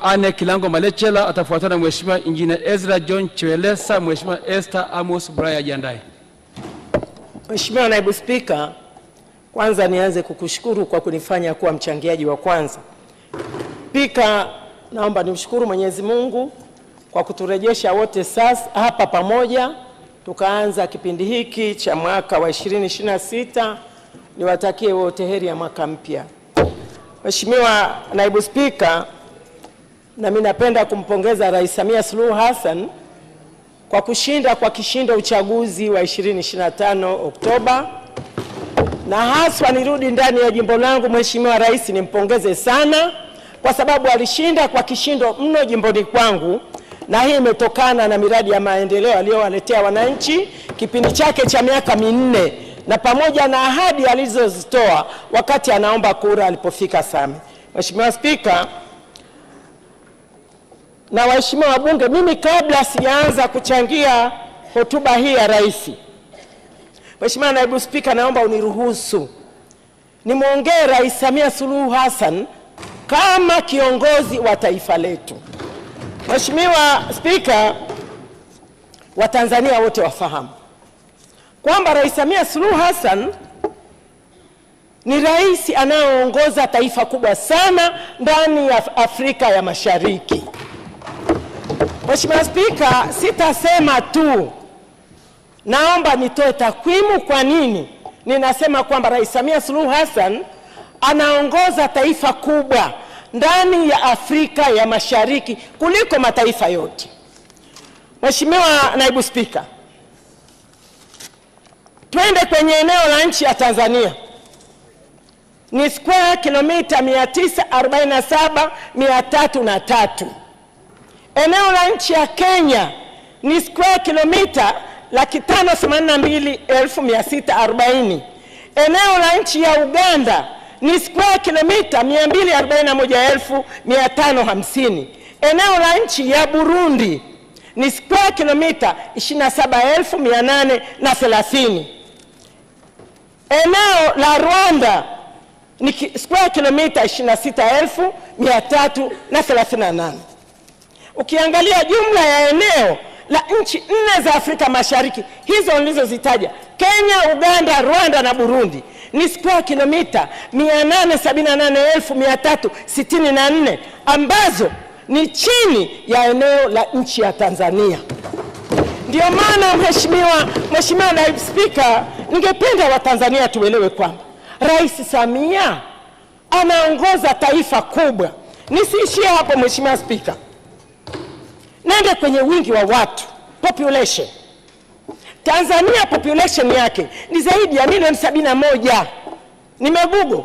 Anne Kilango Malechela atafuatana na Mheshimiwa Injinia Ezra John Chwelesa. Mheshimiwa Esther Amos Bulaya ajiandae. Mheshimiwa Naibu Spika, kwanza nianze kukushukuru kwa kunifanya kuwa mchangiaji wa kwanza. Spika, naomba nimshukuru Mwenyezi Mungu kwa kuturejesha wote sasa hapa pamoja tukaanza kipindi hiki cha mwaka wa 2026. Niwatakie wote heri ya mwaka mpya. Mheshimiwa Naibu Spika, Nami napenda kumpongeza Rais Samia Suluhu Hassan kwa kushinda kwa kishindo uchaguzi wa 2025 Oktoba, na haswa nirudi ndani ya jimbo langu. Mheshimiwa Rais nimpongeze sana kwa sababu alishinda kwa kishindo mno jimboni kwangu, na hii imetokana na miradi ya maendeleo aliyowaletea wananchi kipindi chake cha miaka minne na pamoja na ahadi alizozitoa wakati anaomba kura alipofika Same. Mheshimiwa Spika, na waheshimiwa wabunge, mimi kabla sijaanza kuchangia hotuba hii ya rais, Mheshimiwa Naibu Spika, naomba uniruhusu nimwongee Rais Samia Suluhu Hassan kama kiongozi wa taifa letu. Mheshimiwa Spika, Watanzania wote wafahamu kwamba Rais Samia Suluhu Hassan ni rais anayeongoza taifa kubwa sana ndani ya Afrika ya Mashariki. Mheshimiwa Spika, sitasema tu, naomba nitoe takwimu kwa nini ninasema kwamba Rais Samia Suluhu Hassan anaongoza taifa kubwa ndani ya Afrika ya Mashariki kuliko mataifa yote. Mheshimiwa Naibu Spika, twende kwenye eneo la nchi ya Tanzania ni square kilomita 947,303 Eneo la nchi ya Kenya ni square kilomita laki tano themanini na mbili elfu mia sita arobaini. Eneo la nchi ya Uganda ni square kilomita mia mbili arobaini na moja elfu mia tano hamsini. Eneo la nchi ya Burundi ni square kilomita ishirini na saba elfu mia nane na thelathini. Eneo la Rwanda ni square kilomita ishirini na sita elfu mia tatu na thelathini na nane. Ukiangalia jumla ya eneo la nchi nne za Afrika Mashariki hizo nilizozitaja, Kenya, Uganda, Rwanda na Burundi, ni square kilomita 878,364 ambazo ni chini ya eneo la nchi ya Tanzania. Ndio maana mheshimiwa, Mheshimiwa Naibu Spika, ningependa Watanzania tuelewe kwamba Rais Samia anaongoza taifa kubwa. Nisiishie hapo Mheshimiwa Spika. Nende kwenye wingi wa watu population. Tanzania population yake ni zaidi ya milioni sabini na moja ni Megugu.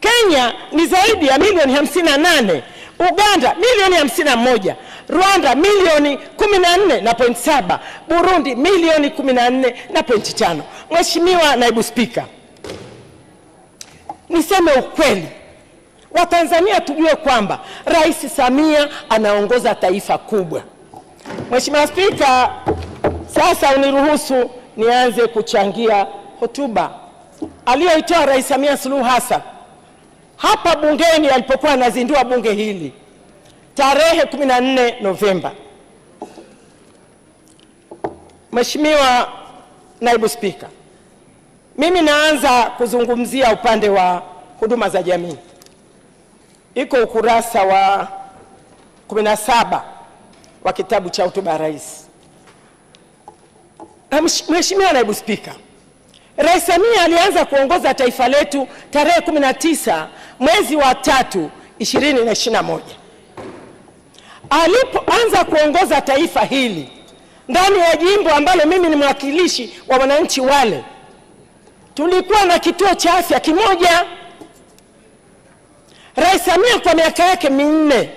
Kenya ni zaidi ya milioni hamsini na nane Uganda milioni hamsini na moja Rwanda milioni kumi na nne na pointi saba Burundi milioni kumi na nne na pointi tano Mheshimiwa Naibu Spika, niseme ukweli Watanzania tujue kwamba Rais Samia anaongoza taifa kubwa. Mheshimiwa Spika, sasa uniruhusu nianze kuchangia hotuba aliyoitoa Rais Samia Suluhu Hassan hapa bungeni alipokuwa anazindua bunge hili tarehe 14 Novemba. Mheshimiwa Naibu Spika, mimi naanza kuzungumzia upande wa huduma za jamii iko ukurasa wa 17 wa kitabu cha hotuba ya rais. Mheshimiwa Naibu Spika, Rais Samia alianza kuongoza taifa letu tarehe 19 mwezi wa tatu 2021. Alipoanza kuongoza taifa hili ndani ya jimbo ambalo mimi ni mwakilishi wa wananchi wale, tulikuwa na kituo cha afya kimoja Rais Samia kwa miaka yake minne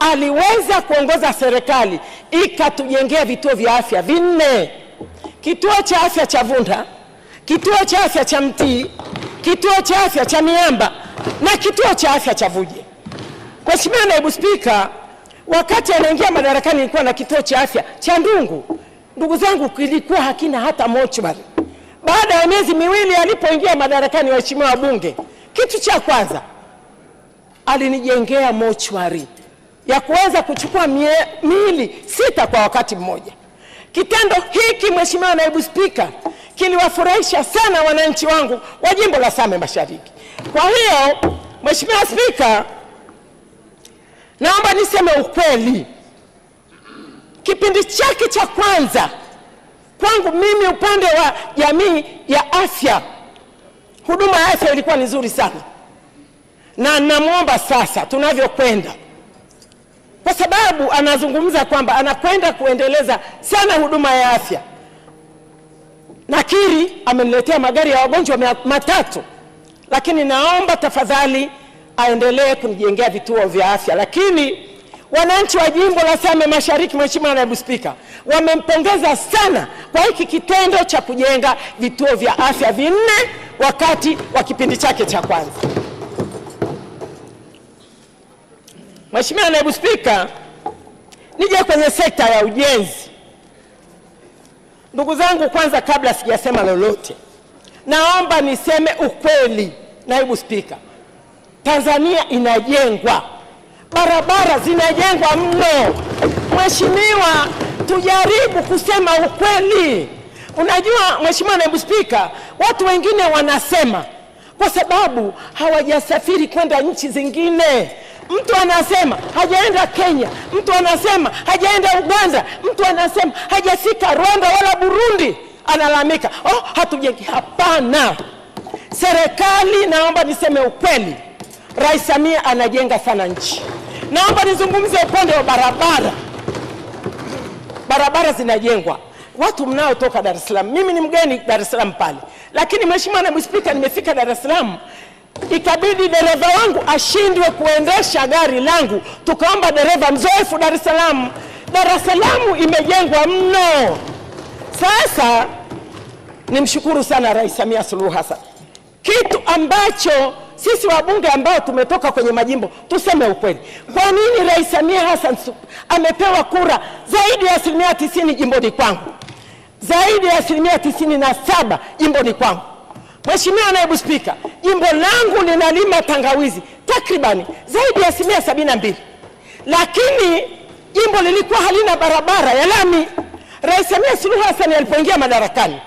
aliweza kuongoza serikali ikatujengea vituo vya afya vinne: kituo cha afya cha Vunda, kituo cha afya cha Mtii, kituo cha afya cha Miamba na kituo cha afya cha Vuje. Mheshimiwa Naibu Spika, wakati anaingia madarakani nilikuwa na kituo cha afya cha Ndungu. Ndugu zangu, kilikuwa hakina hata mochwari. Baada ya miezi miwili alipoingia madarakani, waheshimiwa wabunge, kitu cha kwanza alinijengea mochwari ya kuweza kuchukua mie, miili sita kwa wakati mmoja. Kitendo hiki Mheshimiwa Naibu Spika, kiliwafurahisha sana wananchi wangu wa jimbo la Same Mashariki. Kwa hiyo Mheshimiwa Spika, naomba niseme ukweli, kipindi chake cha kwanza kwangu mimi upande wa jamii ya afya, huduma ya afya ilikuwa ni nzuri sana na namwomba sasa tunavyokwenda, kwa sababu anazungumza kwamba anakwenda kuendeleza sana huduma ya afya. Nakiri ameniletea magari ya wagonjwa matatu, lakini naomba tafadhali aendelee kunijengea vituo vya afya. Lakini wananchi wa jimbo la Same Mashariki, Mheshimiwa Naibu Spika, wamempongeza sana kwa hiki kitendo cha kujenga vituo vya afya vinne wakati wa kipindi chake cha kwanza. Mheshimiwa Naibu Spika, nije kwenye sekta ya ujenzi. Ndugu zangu, kwanza kabla sijasema lolote, naomba niseme ukweli. Naibu Spika, Tanzania inajengwa, barabara zinajengwa mno. Mheshimiwa, tujaribu kusema ukweli. Unajua Mheshimiwa Naibu Spika, watu wengine wanasema kwa sababu hawajasafiri kwenda nchi zingine mtu anasema hajaenda Kenya, mtu anasema hajaenda Uganda, mtu anasema hajafika Rwanda wala Burundi, analalamika oh, hatujengi. Hapana, serikali, naomba niseme ukweli, Rais Samia anajenga sana nchi. Naomba nizungumze upande wa barabara. Barabara zinajengwa watu mnaotoka Dar es Salaam. Mimi ni mgeni Dar es Salaam pale, lakini mheshimiwa naibu spika, nimefika Dar es Salaam Ikabidi dereva wangu ashindwe kuendesha gari langu, tukaomba dereva mzoefu Dar es Salaam. Dar es Salaam imejengwa mno. Sasa nimshukuru sana Rais Samia Suluhu Hassan, kitu ambacho sisi wabunge ambao tumetoka kwenye majimbo tuseme ukweli. Kwa nini Rais Samia Hassan amepewa kura zaidi ya asilimia tisini jimboni kwangu, zaidi ya asilimia tisini na saba jimboni kwangu Mheshimiwa Naibu Spika, jimbo langu linalima tangawizi takribani zaidi ya asilimia sabini na mbili, lakini jimbo lilikuwa halina barabara ya lami. Rais Samia Suluhu Hassan alipoingia madarakani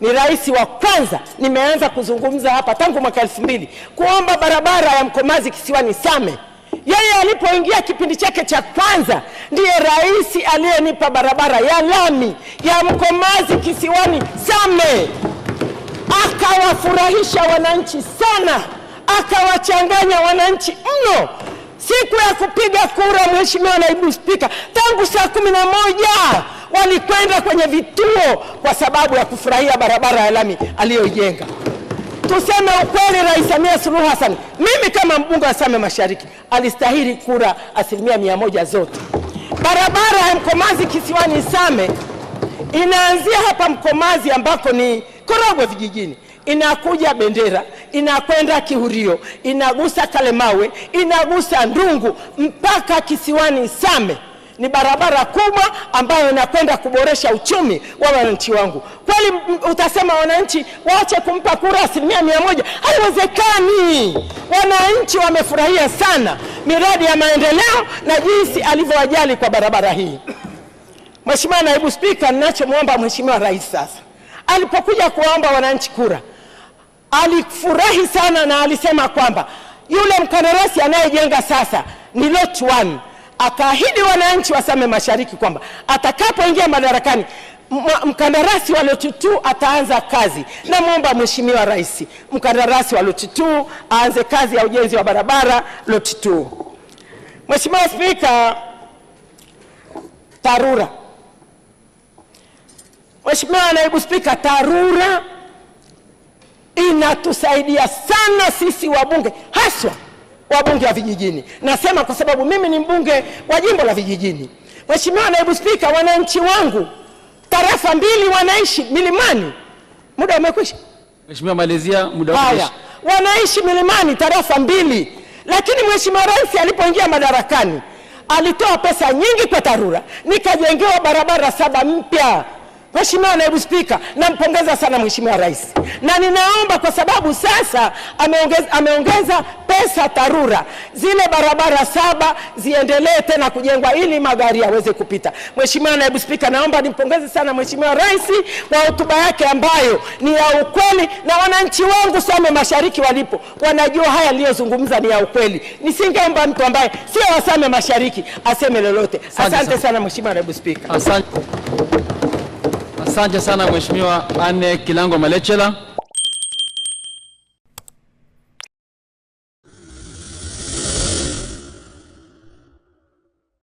ni rais wa kwanza nimeanza kuzungumza hapa tangu mwaka elfu mbili kuomba barabara ya Mkomazi Kisiwani Same. Yeye alipoingia kipindi chake cha kwanza ndiye rais aliyenipa barabara ya lami ya Mkomazi Kisiwani Same akawafurahisha wananchi sana, akawachanganya wananchi mno. Siku ya kupiga kura, Mheshimiwa Naibu Spika, tangu saa kumi na moja walikwenda kwenye vituo kwa sababu ya kufurahia barabara ya lami aliyoijenga. Tuseme ukweli, Rais Samia Suluhu Hassan, mimi kama mbunge wa Same Mashariki, alistahili kura asilimia mia moja zote. Barabara ya Mkomazi Kisiwani Same inaanzia hapa Mkomazi ambako ni Korogwe vijijini inakuja Bendera, inakwenda Kihurio, inagusa Kalemawe, inagusa Ndungu mpaka kisiwani Same. Ni barabara kubwa ambayo inakwenda kuboresha uchumi wa wananchi wangu. Kweli utasema wananchi waache kumpa kura asilimia mia moja? Haiwezekani. Wananchi wamefurahia sana miradi ya maendeleo na jinsi alivyowajali kwa barabara hii. Mheshimiwa Naibu Spika, ninachomwomba Mheshimiwa Rais sasa, alipokuja kuwaomba wananchi kura alifurahi sana na alisema kwamba yule mkandarasi anayejenga sasa ni lot 1 akaahidi wananchi wa Same Mashariki kwamba atakapoingia madarakani mkandarasi wa lot 2 ataanza kazi. Namwomba Mheshimiwa Rais, mkandarasi wa loti 2 aanze kazi ya ujenzi wa barabara lot 2. Mheshimiwa Spika, TARURA. Mheshimiwa Naibu Spika, TARURA inatusaidia sana sisi wabunge, haswa wabunge wa vijijini. Nasema kwa sababu mimi ni mbunge wa jimbo la vijijini. Mheshimiwa Naibu Spika, wananchi wangu tarafa mbili wanaishi milimani. Muda umekwisha Mheshimiwa, malizia muda umekwisha. Wanaishi milimani tarafa mbili, lakini Mheshimiwa Rais alipoingia madarakani alitoa pesa nyingi kwa TARURA, nikajengewa barabara saba mpya Mheshimiwa Naibu Spika, nampongeza sana Mheshimiwa Rais na ninaomba kwa sababu sasa ameongeza, ameongeza pesa TARURA, zile barabara saba ziendelee tena kujengwa ili magari yaweze kupita. Mheshimiwa Naibu Spika, naomba nimpongeze sana Mheshimiwa Rais kwa hotuba yake ambayo ni ya ukweli, na wananchi wangu Same Mashariki walipo wanajua haya aliyozungumza ni ya ukweli. Nisingeomba mtu ambaye sio wa Same Mashariki aseme lolote. Asante sana Mheshimiwa Naibu Spika. Asante. Asante sana Mheshimiwa Anne Kilango Malechela.